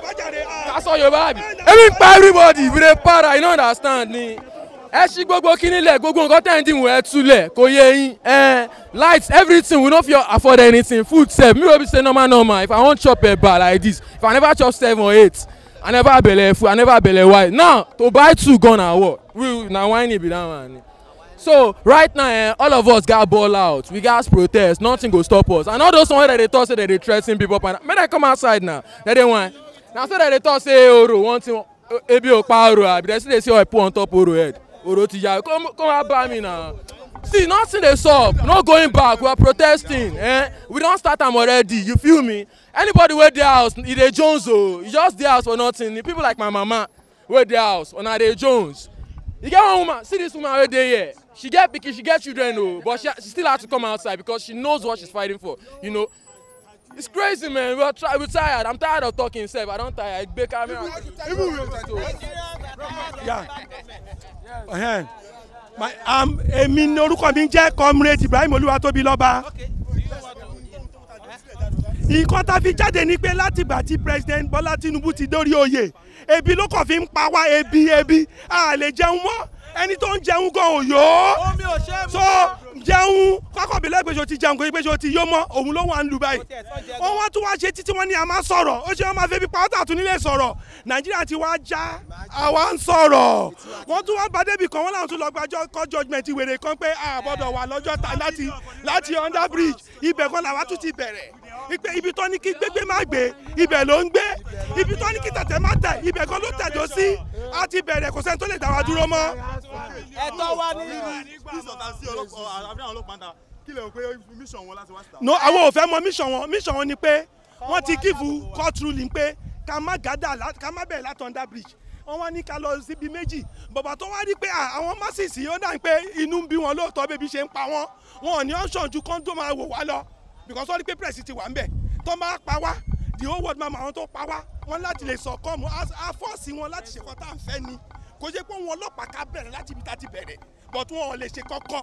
ká ah. sọ yorùbá àbí. èmi ń pa everybody ìbíre para you no understand ni ẹ ṣí gbogbo kíní lẹ̀ gbogbo nǹkan tẹ̀ ń dì wọ́n ẹ túlẹ̀ kò yé yín light everything we no fit afford anything food sef me no be say normal normal if i wan chop eba like this if i never chop seven or eight i never belle full i never belle wide now to buy two gun na what we na whiny be that one so right now eh, all of us gats ball out we gats protest nothing go stop us and all those ones wey dey talk say dem dey threa ten people make dem come outside now dem dey whine na so dem dey talk say oro one thing ebi o pa oro abi dem still dey say oil put on top oro head oro ti ya come come help buy me na see nothing dey sup no going back we are protesting eh we don start am already you feel me anybody wey dey house e dey jones o oh. e just dey house for nothing The people like my mama wey dey house una dey jones e get one woman see this woman wey dey here she get pikin she get children o oh. but she, she still had to come outside because she knows what she's fighting for you know It's crazy, man. We are we're tired. I'm tired of talking self. I don't tire. I gbé camera. Even we yeah. Yes. My, um, èmi ni orúkọ mi jẹ́ comrade Ibrahim Olúwatóbi lọ́ba. Nǹkan tá a fi jáde ni pé látìgbà tí President Bọ́lá Tinubu ti dórí oyè, ebi ló kàn fi ń pa wá ebi ebi, a lè jẹun mọ́, ẹni tó ń jẹun gan-an ò yó. Omi ò ṣe é mú jẹun kọ́kọ́bí lẹ́gbẹ̀ẹ́ ti jẹun kò yí pé ṣe o ti yó òun ló wà ń lu báyìí wọ́n wá tún wá ṣe títí wọ́n ní a máa sọ̀rọ̀ ó ṣe wọ́n máa fẹ́ bí pàwọ́tà tún nílé sọ̀rọ̀ nàìjíríà ti wá já àwa ń sọ̀rọ̀ wọ́n tún wá bá débì kan wọ́n làwọn tún lọ gba court judgement wèrè kan pé àbọ̀dọ̀ wà lọ́jọ́ ta láti láti under bridge ibẹ̀ kan làwa tún ti bẹ̀rẹ̀ ibi tó ní kí gbégbé má gbé ibẹ̀ ló ń gbé ibi tó ní kí tẹ̀tẹ̀ má tẹ̀ ibẹ̀ gan ló tẹ̀dó sí a ti bẹ̀rẹ̀ kò sẹ́ni tó lè dá wa dúró mọ́. ẹ̀tọ́ wa ní. no àwọn ò fẹ́ mọ mission wọn mission wọn ni pé wọ́n ti kíìfù court ruling pé ká má gádà ká má bẹ̀rẹ̀ láti under bridge wọ́n wá ní ká lọ síbi méjì bàbá tó wá rí pé àwọn masisi ó dà pé inú ń bí wọn lóòótọ́ bébí ṣe ń pa wọ́n wọn ò ní ọ̀ṣọ́ ju kọ́ńtò máa wò wá lọ because wọ́n rí pé press ti wà ń bẹ̀ tó máa pa wá the whole world máa mọ àwọn tó pa wá wọn láti lè sọ kọ́ọ̀mù á fọ́ọ̀sì wọn láti ṣe kọ́ta àfẹ́ ni kò jẹ́ pé wọn ọlọ́pàá ká bẹ̀rẹ̀ láti ibi tá a ti bẹ̀rẹ̀ but wọn ò lè ṣe kọ́kọ́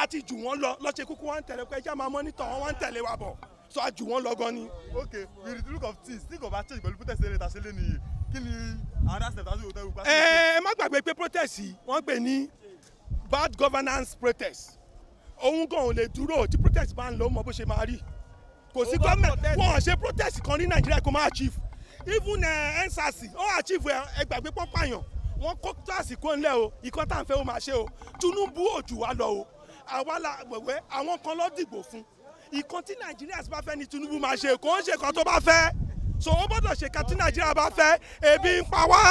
a ti jù wọn lọ lọ́ọ́ ṣe kúkú wọn ń tẹ̀lé pé ẹja máa mọ́nítọ̀ wọn wọ́n ń tẹ̀lé wa bọ̀ so a jù wọn lọ gan ni. ok we read the look of things think of our change pẹ̀lú protest ẹ̀rẹ́ tàṣẹ́lẹ̀ nìyí kí ni another step tàṣẹ́lẹ̀ òtẹ́ òkú. ẹ ẹ má gbàgbé pé protest yìí wọ́n pè ní bad governance protest òun gan ò lè dúró tí protest bá ń lọ mọ bó ṣe máa rí kò sí gọ́ọ̀mẹ̀ntì wọn ò ṣe protest kan ní nàìjíríà kó máa achieve even eh, nsars ó achieve eh, ẹgbàgbé pọ́npàyàn wọn kó kíláàsì kó ńlẹ̀ o ikọ́ tá à ń fẹ́ ó máa ṣe o tinubu ò jù wá lọ o àwa la wẹ̀wẹ́ àwọn kan ló dìbò fún ìkan tí nàìjíríà bá fẹ́ ni tinubu máa ṣe kò ń ṣe kan tó bá fẹ́ so ó gbọ́dọ̀ ṣe kan tí nàìjíríà bá fẹ́ ebi ń pa wá